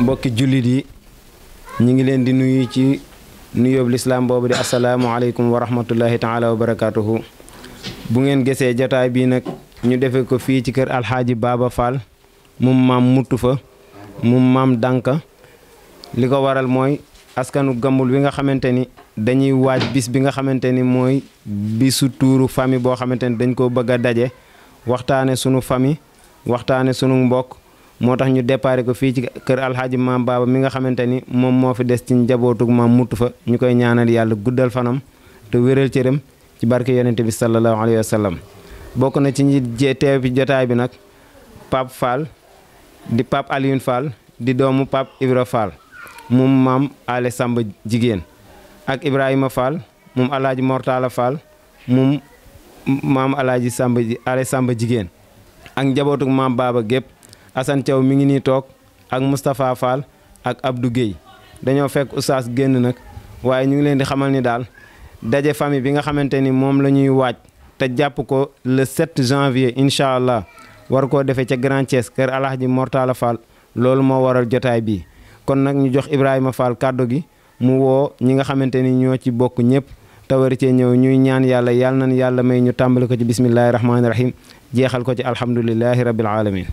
mbokki jullit yi ñu ngi leen di nuyu ci nuyoob lislaam boobu di asalaamualeykum wa rahmatullahi taala wa barakaatuhu bu ngeen gisee jataay bii nag ñu defee ko fii ci kër alxaaji Baba Fall mum maam muttu fa mu maam dànka li ko waral mooy askanu gambul wi nga xamante ni dañuy waaj bis bi nga xamante ni mooy bi su tuuru famille boo xamante ni dañ ko bëgg a daje waxtaane sunu famille waxtaane sunu mbokk moo tax ñu déparé ko fii ci kër alxaaji maam baaba mi nga xamante ni moom moo fi des ci njabootug maam muttu fa ñu koy ñaanal yàlla guddal fanam te wéral cëram ci barke yonente bi sallallahu alayhi wa bokk na ci ñi teew bi jotaay bi nag Pape Fall di Pape Alioune Fall di doomu Pape Ibra Fall moom maam ale Samba jigéen ak Ibrahima Fall moom alaaji Mortala Fall moom maam alaaji Samba ale Samba jigéen ak njabootug maam baaba gépp Assane Thiaw mi ngi nii toog ak Moustapha Fall ak Abdou Guèye dañoo fekk oustaz génn nag waaye ñu ngi leen di xamal ni daal daje famille bi nga xamante ni moom la ñuy waaj te jàpp ko le 7 janvier incha allah war koo defee ca Grand Thiès kër Alhaji Mortala Fall loolu moo waral jotaay bii kon nag ñu jox Ibrahima Fall kàddu gi mu woo ñi nga xamante ni ñoo ci bokk ñëpp te war cee ñëw ñuy ñaan yàlla yàlla nañ yàlla may ñu tàmbali ko ci bismillahi rahmaani rahim jeexal ko ci alhamdulilahi rabbil alamin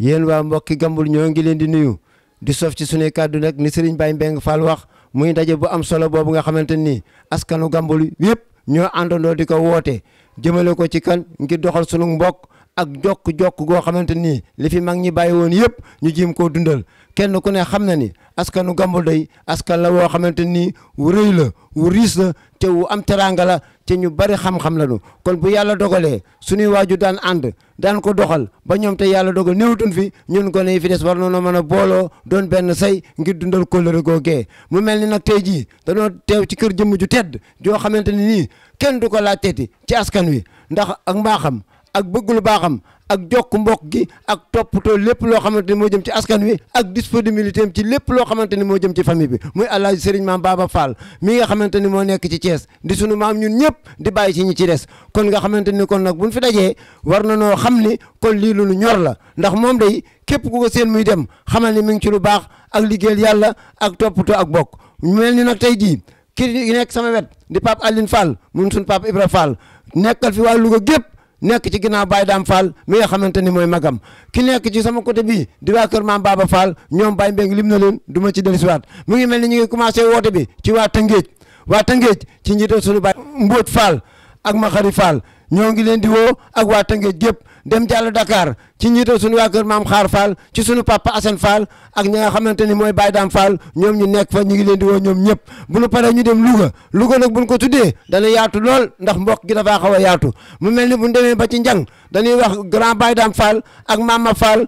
yéen waa mbokki Gambul ñoo ngi leen di nuyu di sof ci suñuy kàddu nag ni Serigne Baye Mbeng Fall wax muy daje bu am solo boobu nga xamante ni askanu Gambul yëpp ñoo àndandoo di ko woote jëmale ko ci kan ngir doxal sunu mbokk ak jokk-jokk goo xamante ni li fi mag ñi bàyyi woon yëpp ñu jiim koo dundal kenn ku ne xam na ni askanu Gambul day askan la woo xamante ni wu rëy la wu riis la te wu am teraanga te ñu bari xam-xam lañu kon bu yàlla dogalee suñuy waaju daan ànd daan ko doxal ba ñoom te yàlla dogal néewtuñ fi ñun gone yi fi des war noonu mën a booloo doon benn say ngir dundal kóllëre googee mu mel ni nag tey jii dañoo teew ci kër jëmm ju tedd joo xamante ni nii kenn du ko laaj teeti ci askan wi ndax ak mbaaxam ak bëgg lu baaxam ak jokk mbokk gi ak toppatoo lépp loo xamante ni moo jëm ci askan wi ak disponibilité am ci lépp loo xamante ni moo jëm ci famille bi muy Alaaji Sëriñ Maam Baaba Fall mi nga xamante ni moo nekk ci cees di sunu maam ñun ñëpp di bàyyi ci ñi ci des kon nga xamante ni kon nag bu buñ fi dajee war na noo xam ni kon lii lu ñor la ndax moom day képp ku ko seen muy dem xamal ni mi ngi ci lu baax ak liggéeyal yàlla ak toppatoo ak bokk mel ni nag tey jii ki nekk sama wet di Pape Aline Fall mun suñ Pape Ibra Fall nekkal fi gépp nekk ci ginnaaw Baye Dame Fall mi nga xamante ni mooy magam ki nekk ci sama côté bii di waa kër maam Baba Fall ñoom Baye Mbengue lim na leen du ma ci dellusiwaat mu ngi mel ni ñu ngi commencé woote bi ci waa Tëngéej waa Tëngéej ci njiital sunu Baye Mbóot Fall ak Maxari Fall ñoo ngi leen di woo ak waa Tëngéej gépp dem jàll dakaar ci njiital suñu waa kër maam Xaar Fall ci suñu papa Assane Fall ak ñi nga xamante ni mooy Baye Dame Fall ñoom ñu nekk fa ñu ngi leen di woo ñoom ñëpp bu nu paree ñu dem Louga Louga nag buñ ko tuddee dana yaatu lool ndax mbokk gi dafaa xaw a yaatu mu mel ni buñ demee ba ci njang dañuy wax grand Baye Dame Fall ak Mama Fall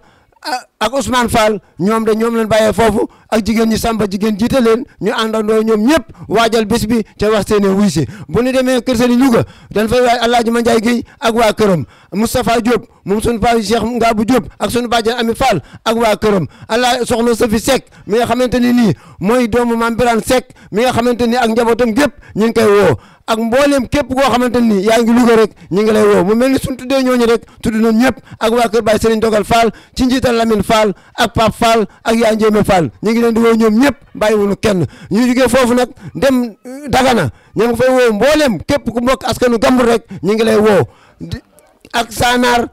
ak Ousmane Fall ñoom de ñoom leen bàyyee foofu ak jigéen ñi sàmba jigéen jiite leen ñu àndandoo ñoom ñëpp waajal bés bi te wax seen wuy si bu demee kër seen Louga dañ fay waay Alaaji Mandiaye Guèye ak waa këram Moustapha Diop moom suñu paa Cheikh Ngabou Diop ak suñu bàjjen Ami faal ak waa këram allah soxna Safi sek mi nga xamante ni nii mooy doomu Mame Birane sek mi nga xamante ni ak njabootam gépp ñu ngi koy woo ak mbooleem képp koo xamante ni yaa ngi Louga rek ñu ngi lay woo mu mel ni suñ tuddee ñooñu rek tudd nañ ñëpp ak waa kër Baye Serigne Dogal Fall ci njiital Lamine Fall ak Pape ak yaa Njéeme leen di woo ñoom ñëpp bàyyiwunu kenn ñu jugee foofu nag dem euh, Dagana ñoo ngi fay woo mboolem képp ku mbokk askanu Gambul rek ñu ngi lay woo ak Saanaar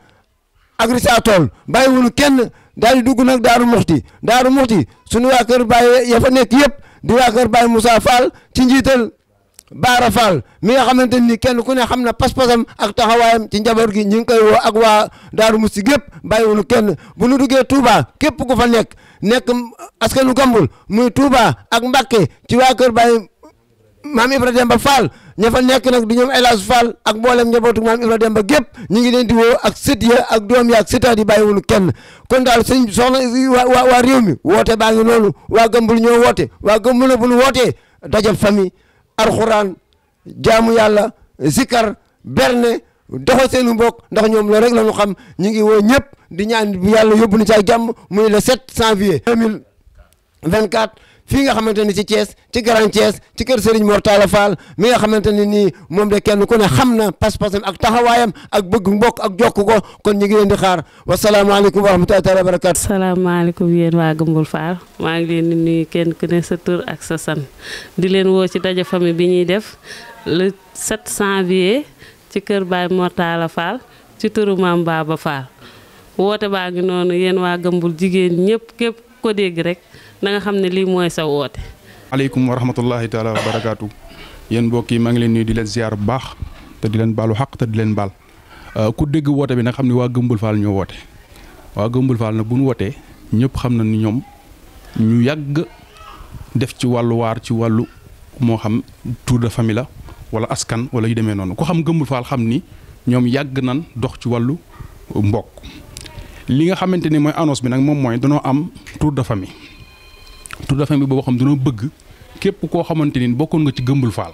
ak Rissa Tool bàyyiwunu kenn daal di dugg nag Daaru Muxti Daaru Muxti suñu waa kër Baye ya nekk yëpp di waa kër Baye Moussa Fall ci Baara Fall mi nga xamante ni kenn ku ne xam na pas-pasam ak taxawaayam ci njaboot gi ñu ngi koy woo ak waa Daaru Musti gépp bàyyiwunu kenn bu nu duggee Touba képp ku fa nekk nekk askanu Gambul muy tuba ak Mbàkke ci waa kër Baye maam Ibra Demba Fall ña fa nekk nag di ñoom El Hadj ak mboolem njabootu maam Ibra Demba gépp ñu ngi leen di wo ak sët ya ak doom ya ak sëtaat yi bàyyiwunu kenn kon daal sëñ soxna waa waa réew mi woote baa ngi noonu waa Gambul ñoo woote waa Gambul bu nu wootee dajab famille alxuraan jaamu yàlla zikar berne doxal seenu mbokk ndax ñoom loolu rek la ñu xam ñu ngi woo ñëpp di ñaan yàlla yóbbu na ci ak jàmm muy le 7 janvier 2024 fii nga xamante ni ci Thiès ci Grand Thiès ci kër Serigne Mor Talla Fall mi nga xamante ne nii moom de kenn ku ne xam na pas-pasam ak taxawaayam ak bëgg mbokk ak jokk ko kon ñi ngi leen di xaar wasalaamaaleykum wa rahmatullahi taala wa barakaatu. salaamaaleykum yéen waa Guemboul Fall maa ngi leen di nuyu kenn ku ne sa tur ak sa san di leen woo ci daja famille bi ñuy def le 7 janvier ci kër Baye Mor Talla Fall ci turu maam Baba Fall woote baa ngi noonu yéen waa Guemboul jigéen ñëpp képp ko dégg rek. da nga xam ne lii mooy sa woote. aleykum wa rahmatullahi taala wa barakaatu yéen mbokk yi maa ngi leen nuyu di leen ziar bu baax te di leen baalu xaq te di leen baal euh, ku dégg woote bi nag xam ne waa Gëmbul Faal ñoo woote waa Gëmbul Faal nag bu ñu wootee ñëpp xam na ni ñoom ñu yàgg def ci wàllu waar ci wàllu moo xam tour de famille wala askan wala yu demee noonu ku xam Gëmbul Faal xam ni ñoom yàgg nan dox ci wàllu mbokk li nga xamante ni mooy annonce bi nag moom mooy danoo am tour de famille. tour de famille boo xam ne dañoo bëgg képp koo xamante ni bokkoon nga ci gëmbul faal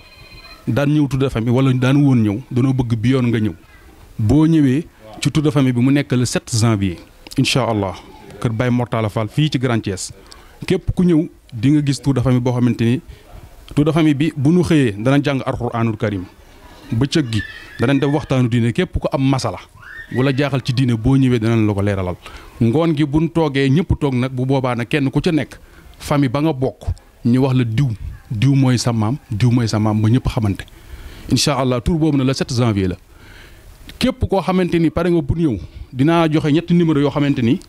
daan ñëw tour de famille wala daan woon ñëw dañoo bëgg bi yoon nga ñëw boo ñëwee ci tour de famille bi mu nekk le 7 janvier incha allah kër Baye Mortala Fall fii ci Grand képp ku ñëw di nga gis tour de famille boo xamante ni tour de famille bi bu nu xëyee dana jàng alxuraanul karim bëccëg gi danañ def waxtaanu diine képp ku am masala wala jaaxal ci diine boo ñëwee danañ la ko leeralal ngoon gi buñ toogee ñëpp toog nag bu boobaa nag kenn ku ca nekk famille ba nga bokk ñu wax la diw diw mooy sa maam diw mooy sa maam ba ñëpp xamante incha allah tour boobu na la 7 janvier la képp koo xamante ni pare nga bu ñëw dinaa joxe ñetti numéro yoo xamante ni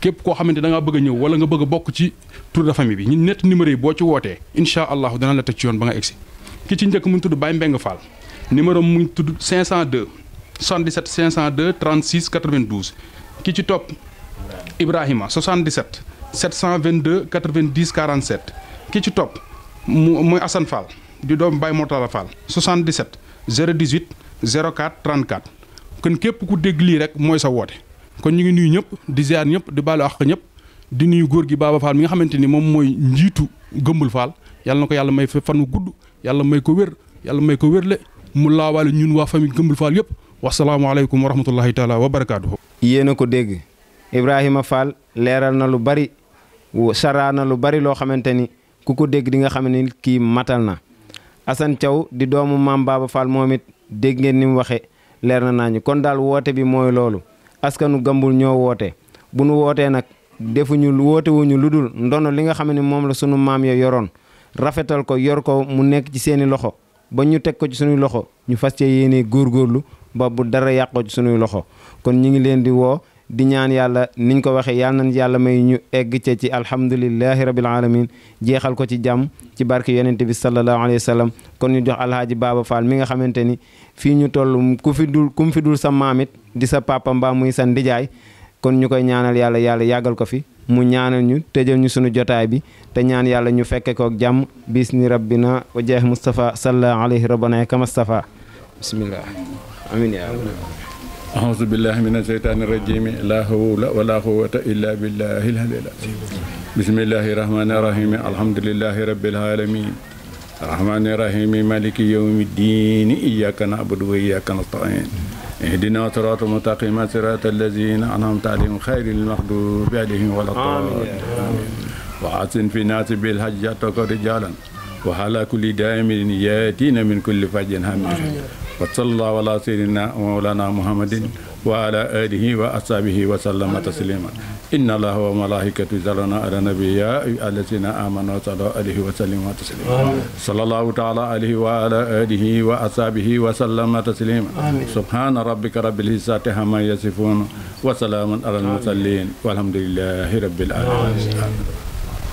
képp koo xamante da ngaa bëgg ñëw wala nga bëgg bokk ci tour de famille bi ñun ñetti numéro yi boo ci wootee incha allah dana la te ci yoon ba nga egsi ki ci njëkk mu ngi tudd Baye Mbeng faal numéro mu ngi tudd 502 77 502 36 92 ki ci topp Ibrahima 77. 722 90 47 ki ci topp mu muy Assane Fall di doom Baye Motala Fall 77 018 04 34 kon képp ku dégg lii rek mooy sa woote kon ñu ngi nuyu ñëpp di ziar ñëpp di baalu àq ñëpp di nuyu góor gi Baba Fall mi nga xamante ni moom mooy njiitu Gëmbul Fall yal na ko yàlla may fan wu gudd yàlla may ko wér yàlla may ko wérle mu laawaale ñun waa famille Gëmbul Fall yëpp wasalaamaaleykum wa rahmatullahi taala wa barakaatu. yéen a ko dégg Ibrahima Fall leeral na lu bari. saraana lu bari loo xamante ni ku ko dégg di nga xam ne kii matal na Assane Thiaw di doomu maam Baba Fall moom it dégg ngeen ni mu waxee leer na naa ñu kon daal woote bi mooy loolu askanu gambul ñoo woote bu nu wootee nag defuñu woote wuñu lu dul ndono li nga xam ne moom la sunu maam ya yoroon rafetal ko yor ko mu nekk ci seeni loxo ba ñu teg ko ci sunuy loxo ñu fas cee góor góorgóorlu ba bu dara yàqoo ci sunuy loxo kon ñi ngi leen di woo di ñaan yàlla niñ ko waxee yàlla nañ yàlla may ñu egg ci alhamdulilahi rabil alamin jeexal ko ci jàmm ci barke yonente bi sallallahu alayhi wa sallam kon ñu jox alhaaji baaba fall mi nga xamante ni fii ñu toll ku fi dul ku fi dul sa maamit di sa papa mbaa muy sa ndijaay kon ñu koy ñaanal yàlla yàlla yàggal ko fi mu ñaanal ñu tëjal ñu sunu jotaay bi te ñaan yàlla ñu fekke kook jàmm bis ni rabbina wa jeex moustapha sallallahu alayhi rabbana kama stafa amin أعوذ بالله من الشيطان الرجيم لا حول ولا قوة إلا بالله الهلي العظيم بسم الله الرحمن الرحيم الحمد لله رب العالمين الرحمن الرحيم مالك يوم الدين إياك نعبد وإياك نستعين اهدنا صراط المستقيم صراط الذين أنعمت عليهم خير المغضوب عليهم ولا الضالين وأحسن في الناس بالحج رجالا وعلى كل دائم ياتينا من كل فج هامش وصلى الله على سيدنا ومولانا محمد وعلى آله وأصحابه وسلم تسليما إن الله وملائكته يصلون على النبي يا الذين آمنوا صلوا عليه وسلموا تسليما صلى الله تعالى عليه وعلى آله وأصحابه وسلم تسليما سبحان ربك رب العزة عما يصفون وسلام على المرسلين والحمد لله رب العالمين